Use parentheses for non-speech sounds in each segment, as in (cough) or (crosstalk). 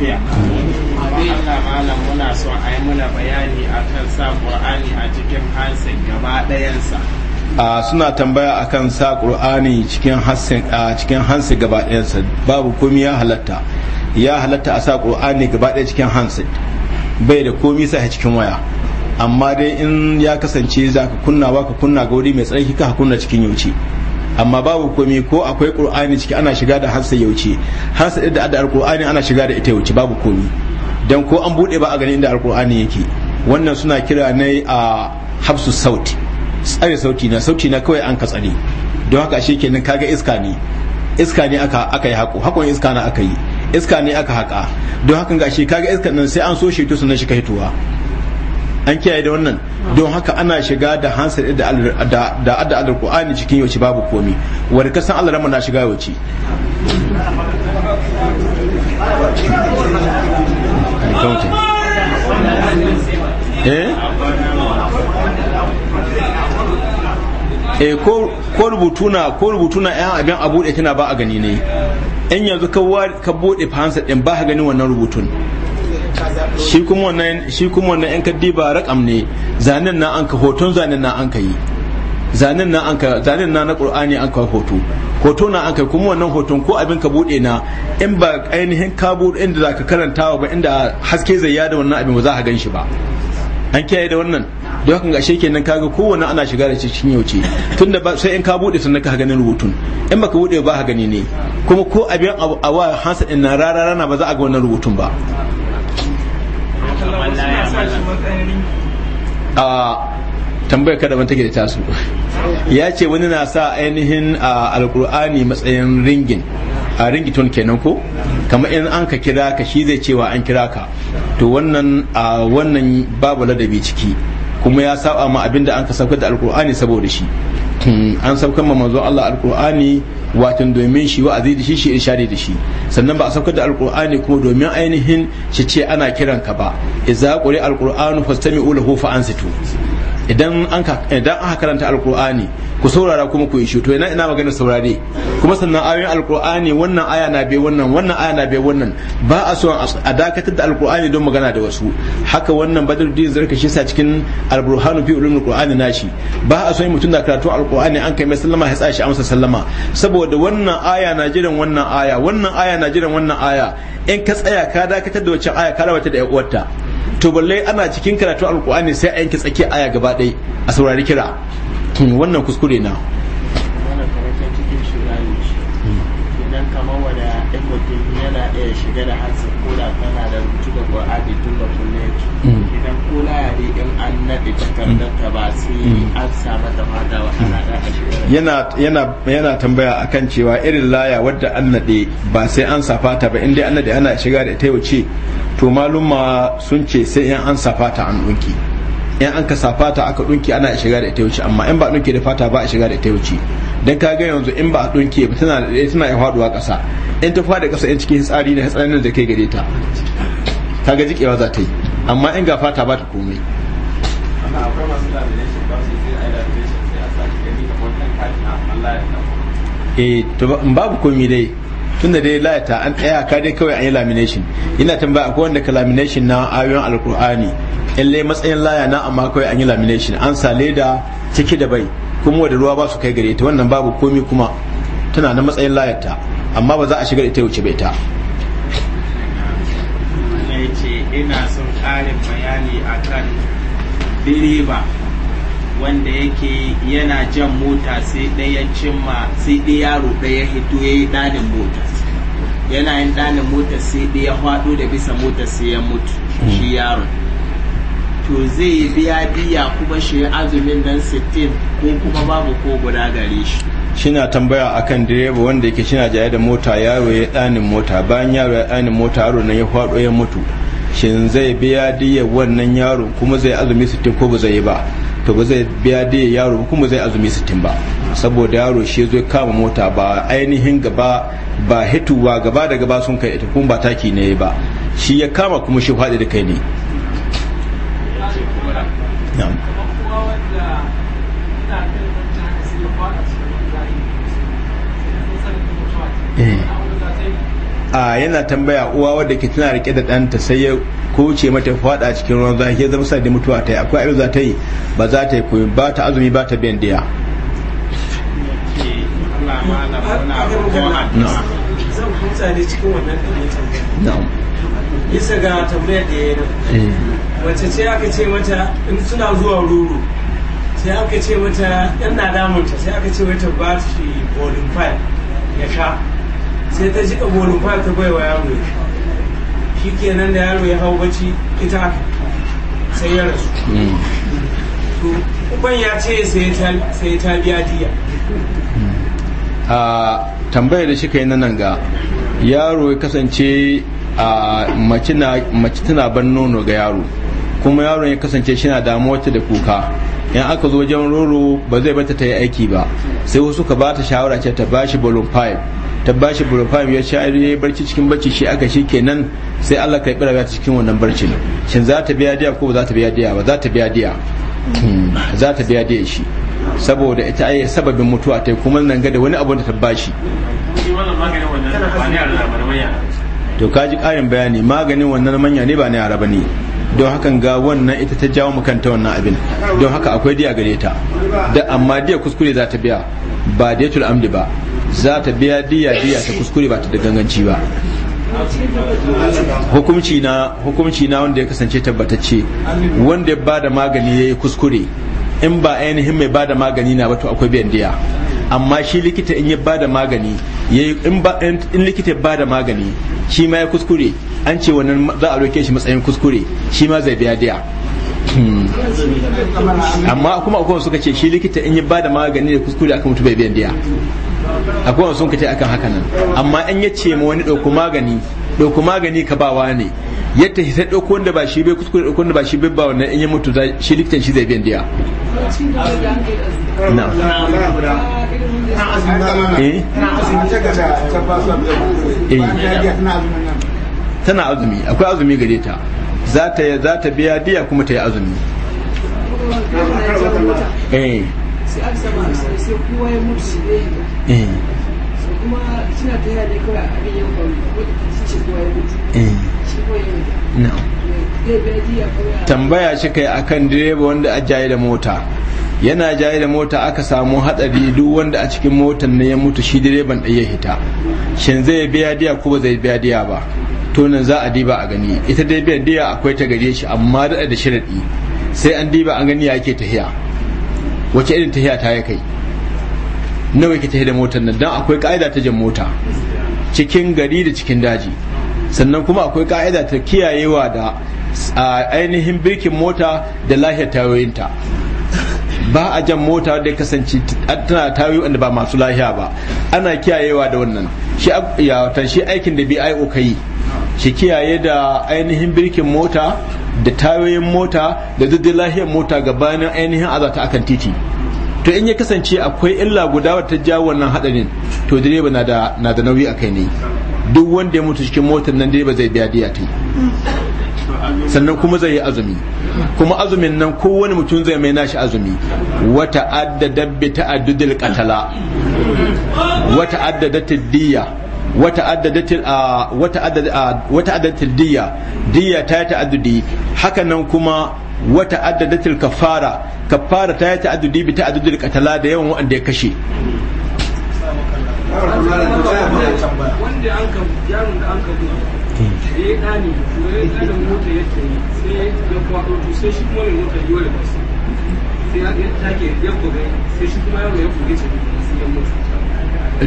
lafiya malam muna a yi muna bayani sa Qur'ani a cikin hansin gaba ɗayansa a suna tambaya akan sa Qur'ani cikin hansin a cikin gaba ɗayansa babu komai ya halatta ya halatta a sa Qur'ani gaba ɗaya cikin hansin bai da komai sa cikin waya amma dai in ya kasance za ka kunna ba ka kunna ga wuri mai tsarki ka kunna cikin yauci amma babu komai ko akwai qur'ani ciki ana shiga da hansa yauce hansa da da alqur'ani ana shiga da ita yauce babu komai dan ko an bude ba a ganin inda alqur'ani yake wannan suna kira ne a habsu sauti tsare sauti na sauti na kawai an ka tsare don haka shi kenan kaga iska ne iska ne aka aka yi hako hakon iska na aka yi iska ne aka haka don haka ga shi kaga iska nan sai an so shi to sannan shi ka hitowa. an kiyaye da wannan don haka ana shiga da hansar da da da alqur'ani cikin yauci babu komi wani kasan Allah rama na shiga yauci eh eh ko rubutu na ko rubutu na ɗan abin abu da tana ba a gani ne in yanzu ka bude fahansa ɗin ba ka gani wannan rubutun shi kuma wannan shi kuma wannan yan kaddiba rakam ne zanen na an ka hoton zanen na an ka yi zanen na an ka zanen na na qur'ani an ka hoto hoto na an kuma wannan hoton ko abin ka bude na in ba ainihin ka bude inda zaka karanta ba inda haske zai yada wannan abin ba za ka ganshi ba an kiyaye da wannan don haka ga nan kaga kowanne ana shiga da cikin yauce tunda ba sai in ka bude sannan ka ganin rubutun in baka bude ba ka gani ne kuma ko abin a wa hansa din na rana ba za a ga wannan rubutun ba a tambaya kada wani take da tasu ya ce wani na sa ainihin a alkur'ani matsayin ringin a ringiton kenan ko kamar in an ka kira ka shi zai cewa an kira ka to wannan a wannan babu ladabi ciki kuma ya saba ma abinda an ka saukar da alkur'ani saboda shi an saukar ma manzo Allah alqur'ani wato domin shi wa da shi shi irshadi da shi sannan ba a saukar da alqur'ani kuma domin ainihin shi ce ana kiran ka ba idza quri alqur'anu fastami'u lahu fa ansitu idan an idan aka karanta alqur'ani ku saurara kuma ku yi to ina ina magana saurare kuma sannan ayoyin alqur'ani wannan aya na bai wannan wannan aya na bai wannan ba a so a dakatar da alqur'ani don magana da wasu haka wannan badruddin shi sa cikin alburhanu fi ulumul qur'ani nashi ba a so mutum da karatu alqur'ani an kai mai sallama ya tsashi amsa sallama saboda wannan aya na jiran wannan aya wannan aya na jiran wannan aya in ka tsaya ka dakatar da wacce aya ka rawata da ƴan uwarta to balle ana cikin karatu alkur'ani sai a yanke tsakiyar aya gaba ɗaya a saurari kira wannan kuskure na in mutum yana iya shiga da hansa kola tana da rubutu da qur'ani tun da mm. ya ci idan kula ya ne in an naɗe takardar ta ba sai mm. Mm. an samu da mata wa ana da yana shiga yana tambaya akan cewa irin laya wadda an naɗe ba sai an safa ta ba inda an naɗe ana shiga da ita yau ce to malumma sun ce sai in an safa ta an ɗauki. in an kasa fata aka dunki ana shiga da ita wuce amma in ba dunki da fata ba a shiga da ita wuce dan ka ga yanzu in ba dunki ba tana eh, tana ya faduwa kasa in ta fada kasa in cikin tsari da hatsarin da kai gare ta ka ga jikewa za ta yi amma in ga fata ba ta komai eh to babu komai dai tun da dai layata an tsaya ka dai kawai an yi lamination ina tambaya akwai wanda ka lamination na ayoyin alkur'ani in lai matsayin laya na amma kawai an yi lamination an sale da ciki da bai kuma wadda ruwa ba su kai gare ta wannan babu komi kuma tana na matsayin layata amma ba za a shigar ita wuce bai ta ina son ƙarin bayani akan direba wanda yake yana jan mota sai ɗaya cimma sai ɗaya yaro ɗaya hito ya yi ɗanin mota yana yin ɗanin motar sai da ya faɗo da bisa motar sai ya mutu shi mm. yaro to zai biya biya kuma shi azumin nan sittin ko kuma babu ko guda gare shi shina tambaya akan direba wanda yake shina jaye da mota yaro ya ɗanin mota bayan yaro ya ɗanin mota yaro na ya faɗo ya mutu shin zai biya diya wannan yaro kuma zai azumi 60 ko ba zai yi ba to ba zai biya diya yaro kuma zai azumi 60 ba saboda yaro shi zai kama mota ba ainihin gaba ba hituwa gaba da gaba sun kai ita kuma ba taki ne ba shi ya kama kuma shi faɗi da kai ne a eh. ah, yana tambaya uwa wadda ke tana rike da ɗanta sai ya koce mata fada cikin ruwan zafi ya zama sa da mutuwa ta yi akwai abin za ta yi ba za ta yi ba ta azumi ba ta biyan diya zan kuta cikin wannan da ya bisa ga tambayar da ya yi wacce ce aka ce mata in suna zuwa ruru sai aka ce mata yan na damunta sai aka ce mata ba su shi bolin fayil ya sha sai ta jika bolin fayil ta baiwa yaro ya sha shi kenan da yaro ya hau bacci ita aka sai ya rasu to uban ya ce sai ta biya diya a tambayar da shi yi na nan ga yaro ya kasance a mace tana ban nono ga yaro kuma yaro ya kasance shi na damuwa da kuka in aka zo wajen roro ba zai bata ta yi aiki ba sai wasu ka bata shawara ce ta bashi balloon pipe ta bashi balloon pipe ya sha ya barci cikin barci shi aka shi kenan sai Allah ka yi bira cikin wannan barcin shin za ta biya diya ko ba za ta biya diya ba za ta biya diya hmm, za ta biya diya shi saboda ita ai sababin mutuwa ta kuma nan ga da wani abu da ta bashi to kaji karin bayani maganin wannan manya ne ba ne ne. ne don hakan ga wannan ita ta jawo mu kanta wannan abin don haka akwai diya gare ta da amma diya kuskure za ta biya ba diyatul amdi ba za ta biya diya diya ta kuskure ba ta da ganganci ba hukumci na hukumci na wanda ya kasance tabbatacce wanda ya ba da magani yayi kuskure in ba ainihin mai bada magani na wato akwai biyan diya amma shi likita in ya bada magani in likita ya bada magani shi ma ya kuskure an ce wannan za a roke shi matsayin kuskure shi ma zai biya diya hmm. amma kuma akwai suka ce shi likita in ya bada magani da kuskure akan mutu bai biyan diya akwai wasu suka ce akan haka nan amma in ya ce ma wani ɗauko magani ɗauko magani ka wa ne yadda sai ɗauko wanda ba shi bai kuskure ɗauko wanda ba shi bai ba wa in ya mutu shi likitan shi zai biyan diya eh. tana azumi akwai azumi gare ta za ta za ta biya diya kuma ta yi azumi eh, eh. Eh, tambaya shi kai akan direba wanda a jaye da mota yana jaye da mota aka samu hatsari duk wanda a cikin motar ne ya mutu shi direban ya hita shin zai biya diya ko ba zai biya diya ba tonin za a diba a gani ita dai biyan diya akwai ta gare shi amma da da sharaɗi sai an diba an gani ya yake tahiya wace irin tahiya ta ya kai nawa ke tahiya da motar nan dan akwai ka'ida ta jan mota cikin gari da cikin daji sannan kuma akwai ka'ida ta kiyayewa da ainihin birkin mota da lahiyar tayoyinta ba a jan mota da kasance tana tayoyi wanda ba masu lahiya ba ana kiyayewa da wannan shi aikin da bio ka yi shi kiyaye da ainihin birkin mota da tayoyin mota da duk lahiyar mota gabanin ainihin azata akan titi to in ya kasance akwai illa guda wata jawo wannan hadarin to direba na da nauyi a kai ne duk wanda ya mutu cikin motar nan direba zai biya diya ta sannan kuma zai yi azumi kuma azumin nan kowane mutum zai mai nashi azumi wata addada bi ta'addudil qatala wata addada tiddiya wata addada wata addada diyya diyya ta ta'addudi haka nan kuma wa ta'addadatil kafara kafara ta yi ta'addudi bi ta'addudil qatala da yawan wanda ya kashe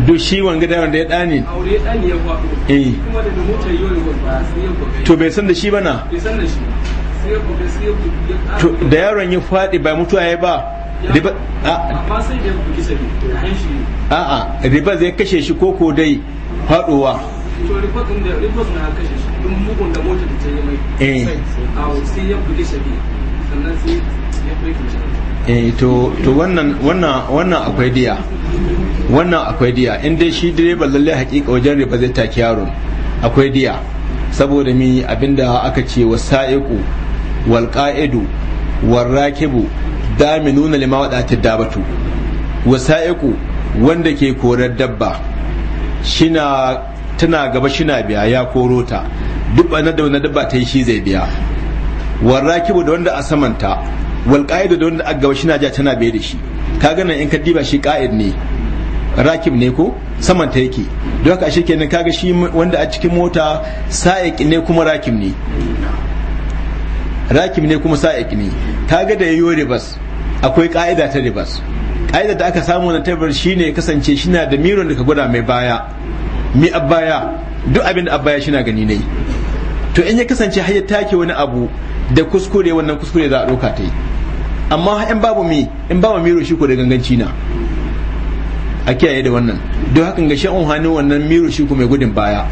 duk shi wanga da wanda ya dani aure ya dani ya kwato kuma da motar ne ba sai ya kwato to bai san da shi bana bai san da shi da yaron ya faɗi ba mutuwa ya ba a a riba zai kashe shi ko ko dai faɗowa to eh to to wannan wannan wannan akwai diya wannan akwai diya in dai shi direba lalle hakika wajen riba zai take yaron akwai diya saboda mi abinda aka ce wasa'iku wal qa'idu war rakibu daminuna lima wadati dabatu wasa'iqu wanda ke korar dabba shina tana gaba shina biya ya korota. ta duk banar da wannan dabba ta yi shi zai biya war rakibu da wanda a samanta wal qa'idu da wanda a gaba shina ja tana biye da shi kaga nan in ka diba shi qa'id ne rakib ne ko saman ta yake don haka ashe kenan kaga shi wanda a cikin mota sa'iq ne kuma rakib ne rakim ne kuma sa'iq ne ga da yayyo ribas akwai ka'ida ta ribas ka'ida da aka samu na tabar shine kasance shi na da miron da ka gwada mai baya mi abaya duk abin da abaya shina gani ne to in ya kasance har ya take wani abu da kuskure wannan kuskure za a ɗauka ta yi amma in babu mi in babu miro shi ko da ganganci na a kiyaye da wannan don hakan ga sha'un hannun wannan miro shi ko mai gudun baya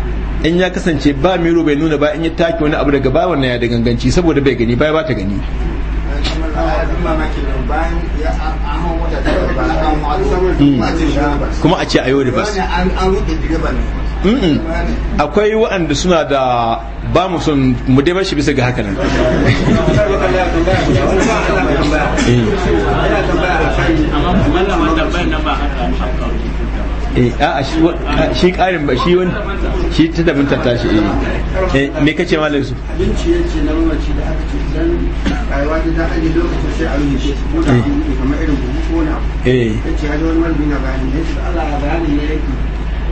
in ya kasance ba miro bai nuna ba in ya take wani abu daga bawan ya da ganganci saboda bai gani baya ba ta gani hmm. kuma a ce a yau ribas hmm. akwai waɗanda suna da ba mu son mu dai bashi bisa ga haka nan (laughs) hmm. Eh, a'a shi karin ba shi wani shi ta da ta tashi eh, eh me kace malam su abinci yace na mamaci da aka ce dan rayuwa ta da aje lokacin sai a yi shi kuma da eh. kamar irin buhu ko na eh yace ya ji wani malami na bayani ne shi Allah ya bayani ne yake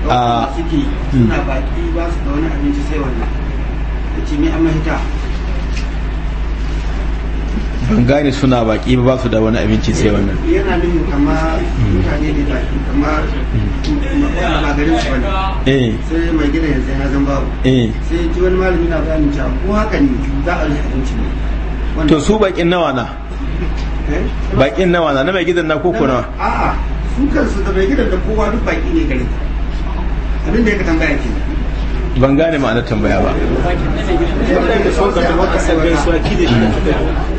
ah. a suke hmm. suna baki ba su da wani abinci sai wannan yace me amma hita ban gane suna baki ba su da wani abinci sai wannan yana nan kama mutane ne baki kama ba garin su bane eh. sai mai gidan yanzu ya zan babu eh. sai ji wani malami na bayanin cewa ko haka ne za a rufe abinci ne to su bakin nawa na eh? bakin nawa na na mai gidan na koko nawa a'a su kansu da mai gidan da kowa duk baki ne garin abin da ya ka tambaya kenan ban gane ma'anar tambaya ba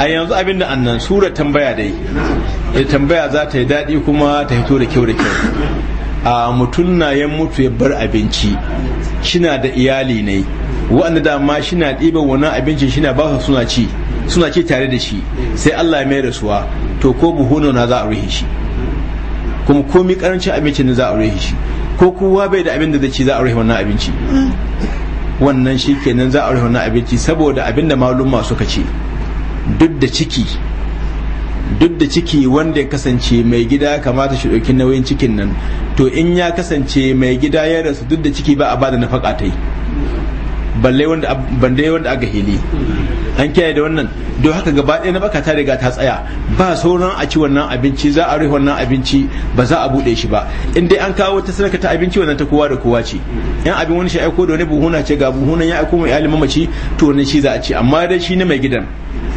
a yanzu abin da annan sura tambaya dai tambaya za ta yi daɗi kuma ta hito da kyau da kyau a mutum na yan mutu ya bar abinci shina da iyali ne wa'anda dama shina ɗiban wani abincin shina ba su suna ci suna ci tare da shi sai Allah ya mai suwa to ko buhu na za a rufe shi kuma komi karancin abincin ne za a rufe shi ko kowa bai da abin da zai ci za a rufe wannan abinci wannan shi kenan za a rufe wannan abinci saboda abin da malumma suka ce duk da ciki duk da ciki wanda ya kasance mai gida kamata shi ɗauki nauyin cikin nan to in ya kasance mai gida ya rasu duk da ciki ba a bada nafaka ta yi balle wanda wanda aka hili an kiyaye da wannan don haka gaba ɗaya na baka ta riga ta tsaya ba sauran a ci wannan abinci za a rufe wannan abinci ba za a buɗe shi ba in dai an kawo ta sadaka ta abinci wannan ta kowa da kowa ce yan abin wani shi aiko da wani buhuna ce ga buhunan ya aiko mai iyalin mamaci to wannan shi za a ci amma dai shi ne mai gidan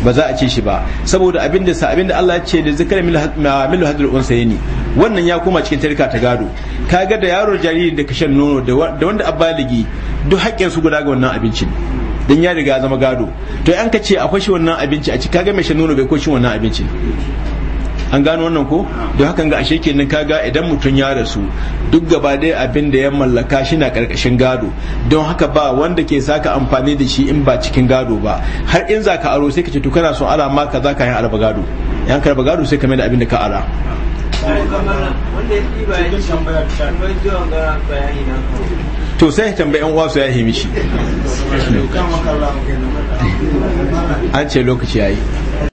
ba za a ce shi ba saboda abin da abin da Allah ya ce da zikr milu hadul unsayni wannan ya koma cikin tarika ta gado kaga da yaro jariri da kashan nono da wanda abbaligi duk haƙƙin su guda ga wannan abincin dan ya riga zama gado to an ka ce akwai shi wannan abinci a ci kaga mai shan nono bai ko shi wannan abinci. an gano wannan ko don hakan ga ashe kenan kaga idan mutum ya rasu duk gaba ɗaya abin da ya mallaka shi na karkashin gado don haka ba wanda ke saka amfani da shi in ba cikin gado ba har in za ka aro sai ka ce to kana son ala ma ka za ka yi alba gado yan karba gado sai ka mai da abin da ka ara wanda ya ɗiba ya ci tambaya ta bayani na to sai ya tambayi yan uwansu ya yi mishi an ce lokaci yi